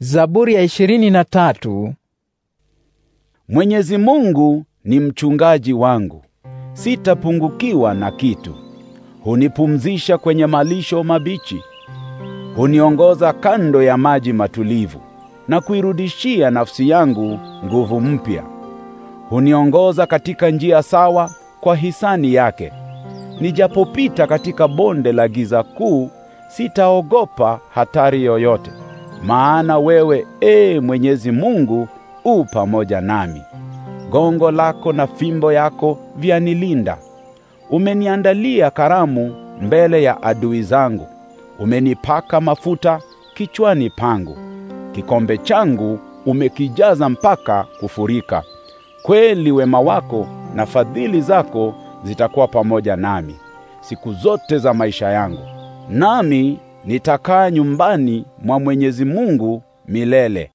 Zaburi ya ishirini na tatu. Mwenyezi Mungu ni mchungaji wangu, sitapungukiwa na kitu. Hunipumzisha kwenye malisho mabichi, huniongoza kando ya maji matulivu, na kuirudishia nafsi yangu nguvu mpya. Huniongoza katika njia sawa kwa hisani yake. Nijapopita katika bonde la giza kuu, sitaogopa hatari yoyote maana wewe e Mwenyezi Mungu u pamoja nami, gongo lako na fimbo yako vyanilinda. Umeniandalia karamu mbele ya adui zangu, umenipaka mafuta kichwani pangu, kikombe changu umekijaza mpaka kufurika. Kweli wema wako na fadhili zako zitakuwa pamoja nami siku zote za maisha yangu, nami nitakaa nyumbani mwa Mwenyezi Mungu milele.